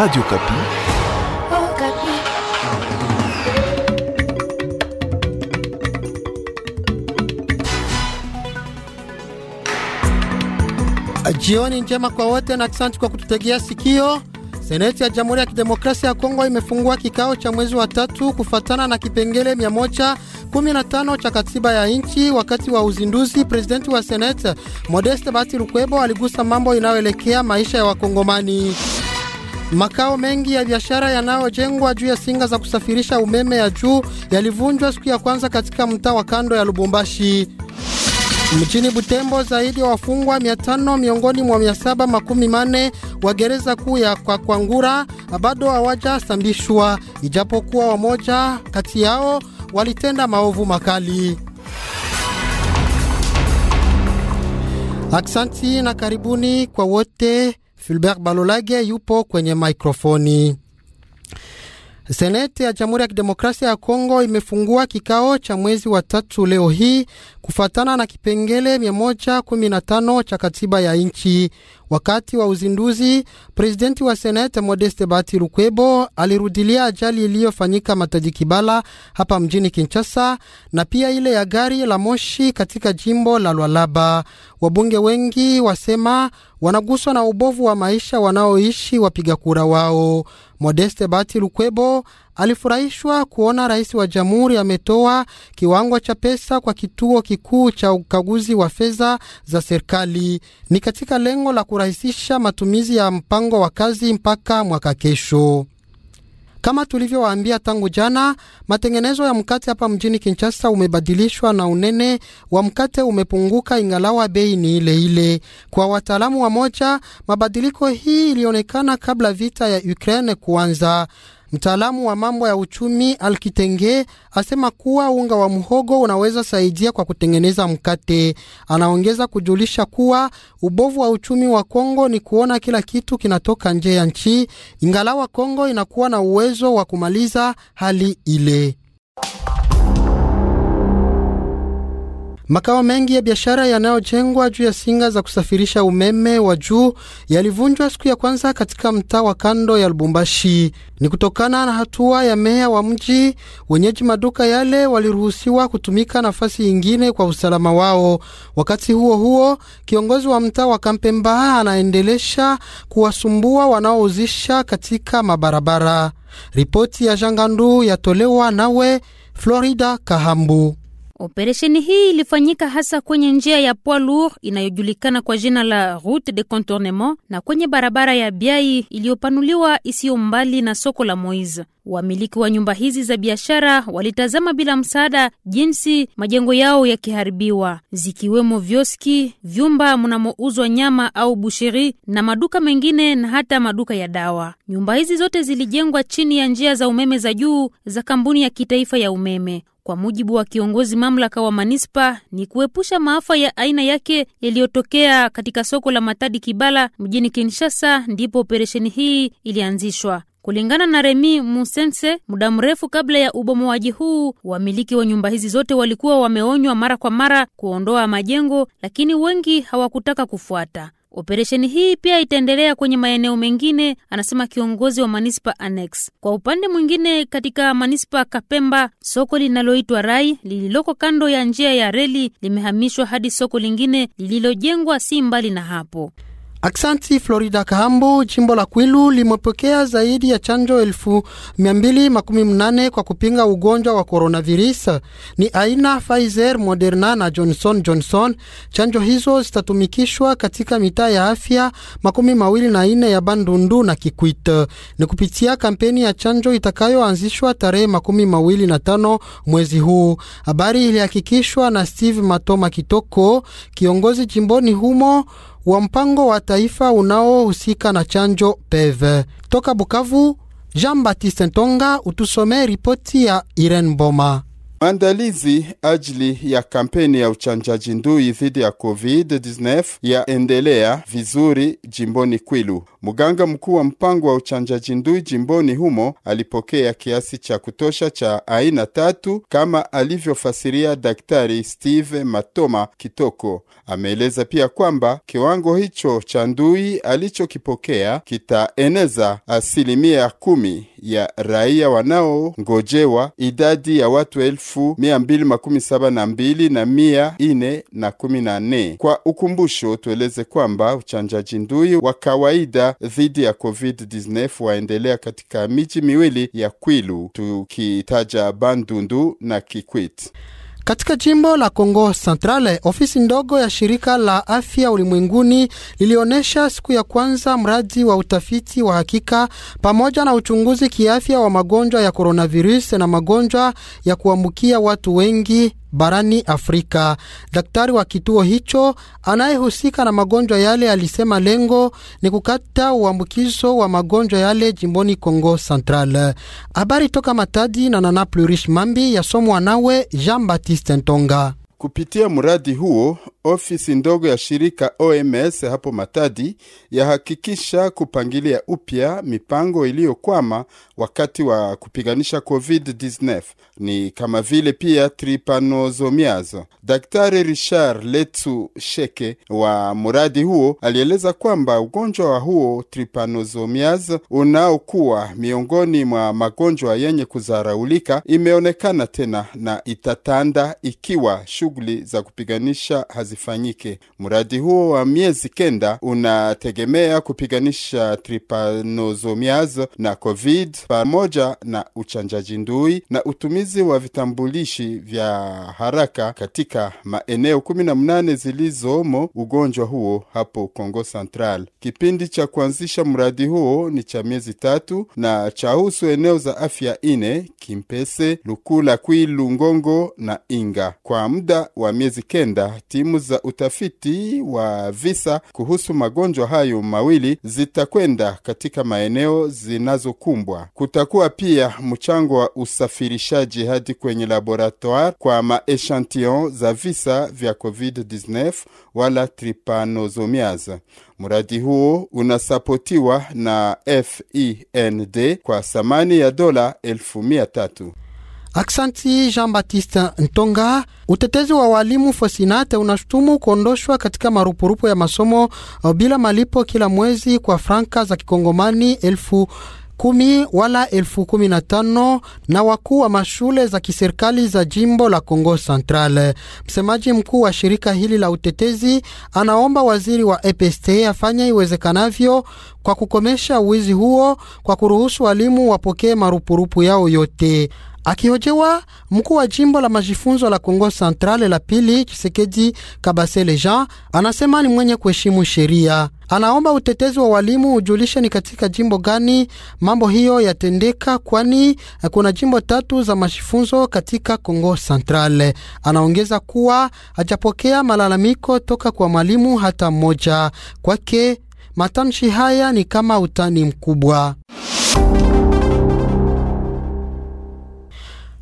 Radio Kapi. Oh, Kapi. Jioni njema kwa wote na asante kwa kututegea sikio. Seneti ya Jamhuri ya Kidemokrasia ya Kongo imefungua kikao cha mwezi wa tatu kufatana na kipengele 115 cha katiba ya nchi. Wakati wa uzinduzi, presidenti wa Seneti Modeste Bati Lukwebo aligusa mambo inayoelekea maisha ya Wakongomani. Makao mengi ya biashara yanayojengwa juu ya singa za kusafirisha umeme ya juu yalivunjwa siku ya kwanza katika mtaa wa kando ya Lubumbashi. Mjini Butembo zaidi ya wafungwa 500 miongoni mwa 740 wa gereza kuu ya kwa Kwangura bado hawajasambishwa ijapokuwa wamoja kati yao walitenda maovu makali. Aksanti na karibuni kwa wote filbert Balolage yupo kwenye mikrofoni. Seneti ya Jamhuri ya Kidemokrasia ya Kongo imefungua kikao cha mwezi wa tatu leo hii kufuatana na kipengele 115 cha katiba ya nchi. Wakati wa uzinduzi, presidenti wa senete Modeste bati Lukwebo alirudilia ajali iliyofanyika Matadi Kibala hapa mjini Kinshasa na pia ile ya gari la moshi katika jimbo la Lwalaba. Wabunge wengi wasema wanaguswa na ubovu wa maisha wanaoishi wapiga kura wao. Modeste Bati Lukwebo alifurahishwa kuona rais wa jamhuri ametoa kiwango cha pesa kwa kituo kikuu cha ukaguzi wa fedha za serikali. Ni katika lengo la kurahisisha matumizi ya mpango wa kazi mpaka mwaka kesho. Kama tulivyowaambia tangu jana, matengenezo ya mkate hapa mjini Kinshasa umebadilishwa na unene wa mkate umepunguka, ingalawa bei ni ile ile. Kwa wataalamu wa moja, mabadiliko hii ilionekana kabla vita ya Ukraine kuanza. Mtaalamu wa mambo ya uchumi Alkitenge asema kuwa unga wa mhogo unaweza saidia kwa kutengeneza mkate. Anaongeza kujulisha kuwa ubovu wa uchumi wa Kongo ni kuona kila kitu kinatoka nje ya nchi, ingalawa Kongo inakuwa na uwezo wa kumaliza hali ile. Makao mengi ya biashara yanayojengwa juu ya singa za kusafirisha umeme wa juu yalivunjwa siku ya kwanza katika mtaa wa kando ya Lubumbashi. Ni kutokana na hatua ya meya wa mji, wenyeji maduka yale waliruhusiwa kutumika nafasi yingine kwa usalama wao. Wakati huo huo, kiongozi wa mtaa wa Kampemba anaendelesha kuwasumbua wanaouzisha katika mabarabara. Ripoti ya Jangandu yatolewa nawe Florida Kahambu. Operesheni hii ilifanyika hasa kwenye njia ya poids lourd inayojulikana kwa jina la route de contournement na kwenye barabara ya Biai iliyopanuliwa isiyo mbali na soko la Moise. Wamiliki wa nyumba hizi za biashara walitazama bila msaada jinsi majengo yao yakiharibiwa, zikiwemo vioski, vyumba mnamouzwa nyama au busheri na maduka mengine na hata maduka ya dawa. Nyumba hizi zote zilijengwa chini ya njia za umeme za juu za kampuni ya kitaifa ya umeme. Kwa mujibu wa kiongozi mamlaka wa manispa, ni kuepusha maafa ya aina yake yaliyotokea katika soko la Matadi Kibala mjini Kinshasa, ndipo operesheni hii ilianzishwa. Kulingana na Remi Musense, muda mrefu kabla ya ubomoaji huu, wamiliki wa nyumba hizi zote walikuwa wameonywa mara kwa mara kuondoa majengo, lakini wengi hawakutaka kufuata. Operesheni hii pia itaendelea kwenye maeneo mengine, anasema kiongozi wa manispa Annex. Kwa upande mwingine, katika manispa Kapemba, soko linaloitwa Rai lililoko kando ya njia ya reli limehamishwa hadi soko lingine lililojengwa si mbali na hapo. Aksanti Florida Kahambu. Jimbo la Kwilu limepokea zaidi ya chanjo elfu mia mbili makumi mnane kwa kupinga ugonjwa wa coronavirus, ni aina Pfizer, Moderna na Johnson Johnson. Chanjo hizo zitatumikishwa katika mitaa ya afya makumi mawili na ine ya Bandundu na Kikwit, ni kupitia kampeni ya chanjo itakayoanzishwa tarehe makumi mawili na tano mwezi huu. Habari ilihakikishwa na Steve Matoma Kitoko, kiongozi jimboni humo wa mpango wa taifa unaohusika na chanjo PEV. Toka Bukavu, Jean Baptiste Ntonga utusome ripoti ya Irene Boma. Maandalizi ajili ya kampeni ya uchanjaji ndui dhidi ya COVID-19 yaendelea vizuri jimboni Kwilu. Mganga mkuu wa mpango wa uchanjaji ndui jimboni humo alipokea kiasi cha kutosha cha aina tatu kama alivyofasiria Daktari Steve Matoma Kitoko. Ameeleza pia kwamba kiwango hicho cha ndui alichokipokea kitaeneza asilimia kumi ya raia wanaongojewa, idadi ya watu elfu elfu mia mbili makumi saba na mbili na mia ine na kumi na nne. Kwa ukumbusho, tueleze kwamba uchanjaji ndui wa kawaida dhidi ya COVID-19 waendelea katika miji miwili ya Kwilu, tukitaja Bandundu na Kikwit. Katika jimbo la congo Centrale, ofisi ndogo ya shirika la afya ulimwenguni lilionyesha siku ya kwanza mradi wa utafiti wa hakika pamoja na uchunguzi kiafya wa magonjwa ya coronavirus na magonjwa ya kuambukia watu wengi barani Afrika. Daktari wa kituo hicho anayehusika na magonjwa yale alisema lengo ni kukata uambukizo wa magonjwa yale jimboni congo Central. Habari toka Matadi na Nana Plurish Mambi yasomwa nawe Jean Baptiste Ntonga. Kupitia mradi huo ofisi ndogo ya shirika OMS hapo Matadi yahakikisha kupangilia upya mipango iliyokwama wakati wa kupiganisha COVID-19 ni kama vile pia tripanozomiazo. Daktari Richard Letu Sheke wa mradi huo alieleza kwamba ugonjwa wa huo tripanozomiazo unaokuwa miongoni mwa magonjwa yenye kuzaraulika imeonekana tena na itatanda ikiwa shughuli za kupiganisha zifanyike. Mradi huo wa miezi kenda unategemea kupiganisha tripanozomiazo na covid pamoja na uchanjaji ndui na utumizi wa vitambulishi vya haraka katika maeneo mnane zilizomo ugonjwa huo hapo Kongo Central. Kipindi cha kuanzisha mradi huo ni cha miezi tatu na chahusu eneo za afya ine Kimpese, Lukula, Kwilu, Ngongo na Inga. Kwa muda wa miezi kenda, timu za utafiti wa visa kuhusu magonjwa hayo mawili zitakwenda katika maeneo zinazokumbwa. Kutakuwa pia mchango wa usafirishaji hadi kwenye laboratoire kwa maechantillon za visa vya COVID-19 wala trypanosomiasis. Mradi huo unasapotiwa na FEND kwa thamani ya dola elfu mia tatu. Aksanti Jean-Baptiste Ntonga. Utetezi wa walimu Fosinate unashutumu kuondoshwa katika marupurupu ya masomo uh, bila malipo kila mwezi kwa franka za kikongomani elfu kumi wala elfu kumi na tano na wakuu wa mashule za kiserikali za jimbo la congo Central. Msemaji mkuu wa shirika hili la utetezi anaomba waziri wa EPST afanye iwezekanavyo kwa kukomesha wizi huo kwa kuruhusu walimu wapokee marupurupu yao yote. Akihojewa, mkuu wa jimbo la majifunzo la Kongo Central la pili Chisekedi Kabasele Jean anasema ni mwenye kuheshimu sheria. Anaomba utetezi wa walimu ujulishe ni katika jimbo gani mambo hiyo yatendeka, kwani kuna jimbo tatu za majifunzo katika Kongo Central. Anaongeza kuwa hajapokea malalamiko toka kwa mwalimu hata mmoja. Kwake matamshi haya ni kama utani mkubwa.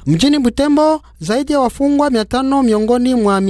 Mjini Butembo, zaidi ya wafungwa tano miongoni mwa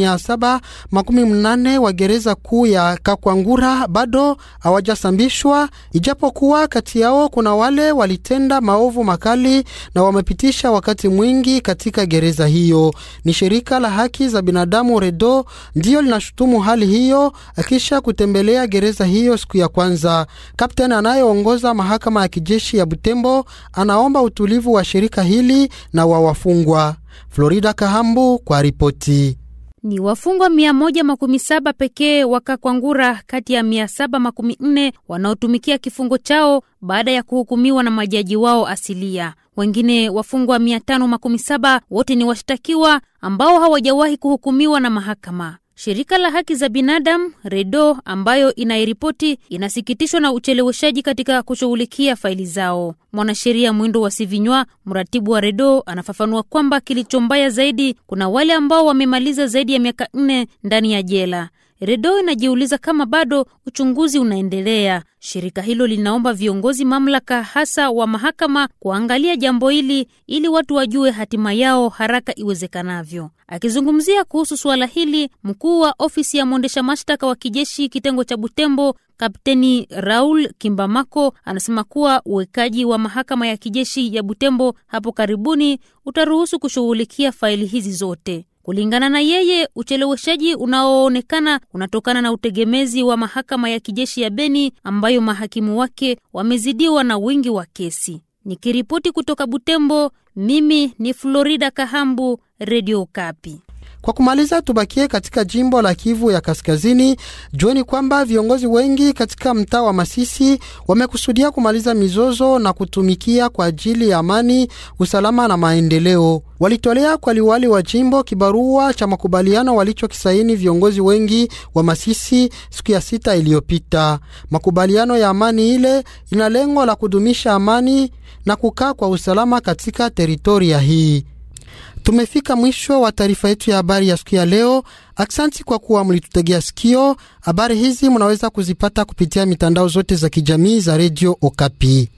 mnane wa gereza kuu ya Kakwangura bado hawajasambishwa, ijapokuwa kati yao kuna wale walitenda maovu makali na wamepitisha wakati mwingi katika gereza hiyo. Ni shirika la haki za binadamu Redo ndiyo linashutumu hali hiyo, akisha kutembelea gereza hiyo siku ya kwanza. Kapteni anayeongoza mahakama ya kijeshi ya Butembo anaomba utulivu wa shirika hili na wa wafungwa wafungwa. Florida Kahambu kwa ripoti. Ni wafungwa 117 pekee wakakwangura kati ya 74 wanaotumikia kifungo chao baada ya kuhukumiwa na majaji wao asilia. Wengine wafungwa 57 wote ni washtakiwa ambao hawajawahi kuhukumiwa na mahakama. Shirika la haki za binadamu REDO ambayo inairipoti inasikitishwa na ucheleweshaji katika kushughulikia faili zao. Mwanasheria Mwindo wa Sivinywa, mratibu wa REDO, anafafanua kwamba kilicho mbaya zaidi, kuna wale ambao wamemaliza zaidi ya miaka nne ndani ya jela. Redo inajiuliza kama bado uchunguzi unaendelea. Shirika hilo linaomba viongozi mamlaka, hasa wa mahakama, kuangalia jambo hili ili watu wajue hatima yao haraka iwezekanavyo. Akizungumzia kuhusu suala hili, mkuu wa ofisi ya mwendesha mashtaka wa kijeshi kitengo cha Butembo, Kapteni Raul Kimbamako, anasema kuwa uwekaji wa mahakama ya kijeshi ya Butembo hapo karibuni utaruhusu kushughulikia faili hizi zote. Kulingana na yeye, ucheleweshaji unaoonekana unatokana na utegemezi wa mahakama ya kijeshi ya Beni ambayo mahakimu wake wamezidiwa na wingi wa kesi. Nikiripoti kutoka Butembo, mimi ni Florida Kahambu, Radio Kapi. Kwa kumaliza, tubakie katika jimbo la Kivu ya Kaskazini. Jueni kwamba viongozi wengi katika mtaa wa Masisi wamekusudia kumaliza mizozo na kutumikia kwa ajili ya amani, usalama na maendeleo. Walitolea kwa liwali wa jimbo kibarua cha makubaliano walichokisaini viongozi wengi wa Masisi siku ya sita iliyopita. Makubaliano ya amani ile ina lengo la kudumisha amani na kukaa kwa usalama katika teritoria hii. Tumefika mwisho wa taarifa yetu ya habari ya siku ya leo. Aksanti kwa kuwa mlitutegea sikio. Habari hizi mnaweza kuzipata kupitia mitandao zote za kijamii za redio Okapi.